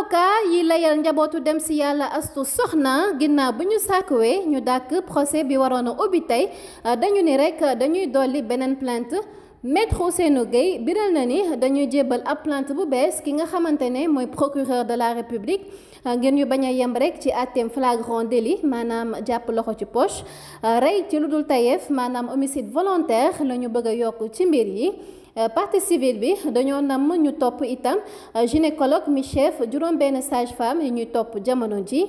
avocat yi layal njabootu dem si yàlla astu soxna ginnaaw bu ñu sàkkuwee ñu dàkk procès bi waroon a ubbi tey dañu ni rek dañuy dolli beneen plainte maître Ousseynou Gueye biral na ni Djebel Aplante Boubès, qui bu ki nga moy procureur de la république Daniel ah, ñu qui a été rek ci flagrant délit Manam japp loxo ci poche ah, ray ci homicide volontaire lañu ñu bëgg Timberli, parti ci mbir yi ah, partie civile bi dañu nam ñu itam gynécologue mi chef juróom-benn sage femme ñu Top ji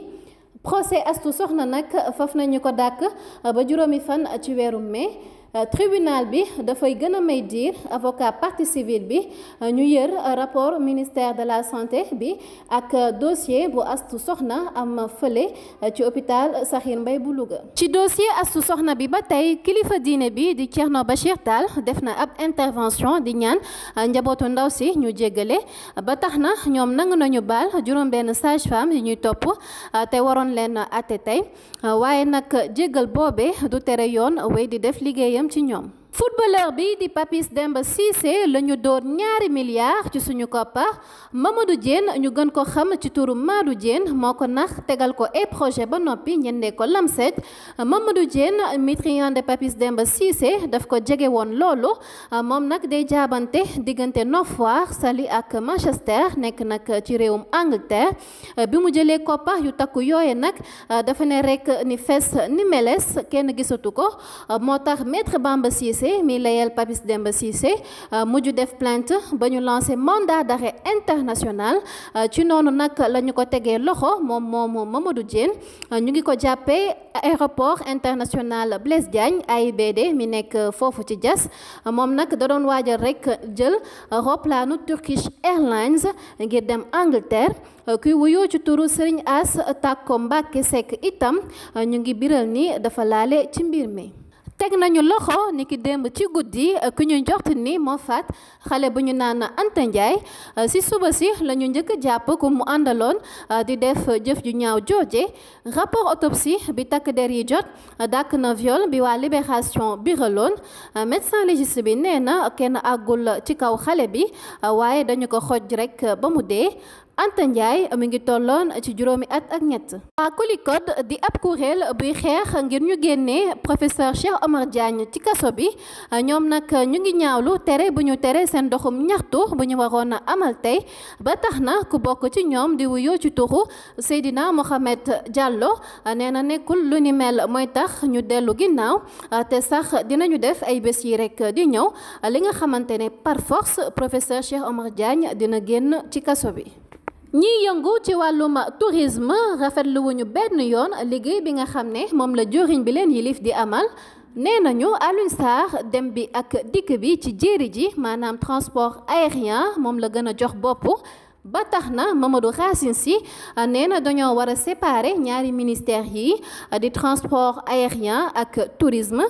procès astu soxna nak faf nañu ko dak ba fan ci euh, tribunal bi da fay gëna may diir avocat parti civil bi euh, ñu yër euh, rapport ministère de la santé bi ak dossier bu astu soxna am feulé ci hôpital Sakhir Mbaye bu ci dossier astu soxna bi ba tay kilifa diine bi di Thierno Bachir Tall def na ab intervention di ñaan njabootu ndaw si ñu jéggelé ba taxna na nang nañu bal juroom ben sage-femme yi ñuy top te waron leen até tay waye nak jéggel bobé du téré yoon way di def liggéeyam. тем тенем. footballeur bi di Papis Demba Cissé la ñu door ñaari milliards ci suñu koppar Mamadou Diène ñu gën ko xam ci turu Madou Diène moo ko nax tegal ko et projet ba noppi ñendee ko lamset Mamadou Diène mitrian de Papis Demba Cissé daf ko jege woon loolu moom nag day jaabante diggante Nofwar Saly ak Manchester nekk nag ci réewum Angleterre bi mu jëlee koppar yu takku yooye nag dafa ne rek ni fes ni meles kenn gisatu ko moo tax maître Bamba Cissé mi layal Papis Demba euh, plainte mandat d'arrêt international euh, ci nak la ko loxo Mamadou euh, ñu aéroport international Blaise Diagne AIBD mi nek fofu ci da rek jël roplanu Turkish Airlines ngir dem Angleterre kuy wuyoo ci turu Serigne As itam ñu ngi biral ni teg nañu loxo ni ki ci guddi euh, ku ñu ni moo faat bu ñu euh, si suba si la ñu njëkk jàpp ku mu àndaloon euh, di def jëf rapport autopsie bi takk der jot viol bi libération biraloon médecin légiste bi nee na kenn ci kaw xale bi waaye dañu ko Anta Ndiaye mi ngi tolloon ci juróomi at ak ñett. waa Colicode di ab kuréel buy xeex ngir ñu génnee professeur Cheikh Omar Diagne ci kaso bi ñoom nag ñu ngi ñaawlu tere bu ñu tere seen doxum ñaxtu bu ñu waroon a amal tey ba tax na ku bokk ci ñoom di wuyoo ci tuxu Seydina Mohamed Diallo nee na nekkul lu ni mel mooy tax ñu dellu ginnaaw te sax dinañu def ay bés yi rek di ñëw li nga xamante ne par force professeur Cheikh Omar Diagne dina génn ci kaso bi. Ni yëngu ci wàllum tourisme rafetlu wuñu benn yoon liggéey bi nga xam ne moom la joriñ bi leen yilif di amal nee nañu Alioune Sarr dem bi ak dikk bi ci jéeri ji maanaam transport aérien moom la gën a jox bopp ba tax na Mamadou Racine Sy nee na dañoo war a séparer ñaari ministère yi di transport aérien ak tourisme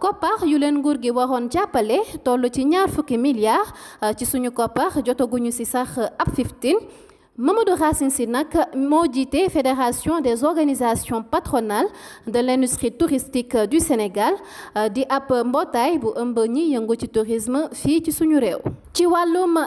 koppar yu leen nguur gi waroon jàppale toll ci ñaar fukki milliards ci suñu koppar jotaguñu ci sax ab 15 Mamadou Racine Sy nag moo fédération des organisations patronales de l'industrie touristique du Sénégal euh, di ab mbootaay bu ëmb ñi yëngu ci tourisme fii ci suñu réew. ci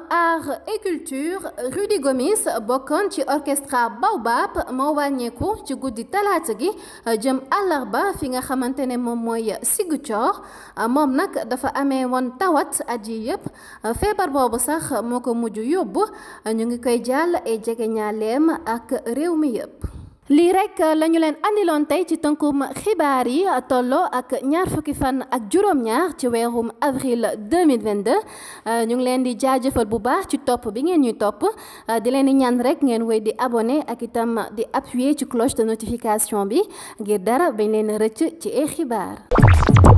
art et culture Rudy Gomis bokkoon ci orchestra Baobab moo wàññeeku ci guddi talaata gi euh, jëm àllarba fi nga xamante ne moom mooy Ziguinchor euh, moom dafa amee woon tawat at yi yëpp feebar boobu sax moo ko mujj ñu ngi koy ay jegeñaaleem ak réew mi yépp lii rek lañu leen andiloon tey ci tënkum xibaar yi tolloo ak ñaar fukki fan ak juróom-ñaar ci weerum avril 2022 euh, ñu ngi leen di jaajëfal bu baax ci topp bi ngeen ñuy topp euh, di leen di ñan rek ngeen wéy di abonné ak itam di appuyer ci cloche de notification bi ngir dara bañ leen rëcc ci ay xibaar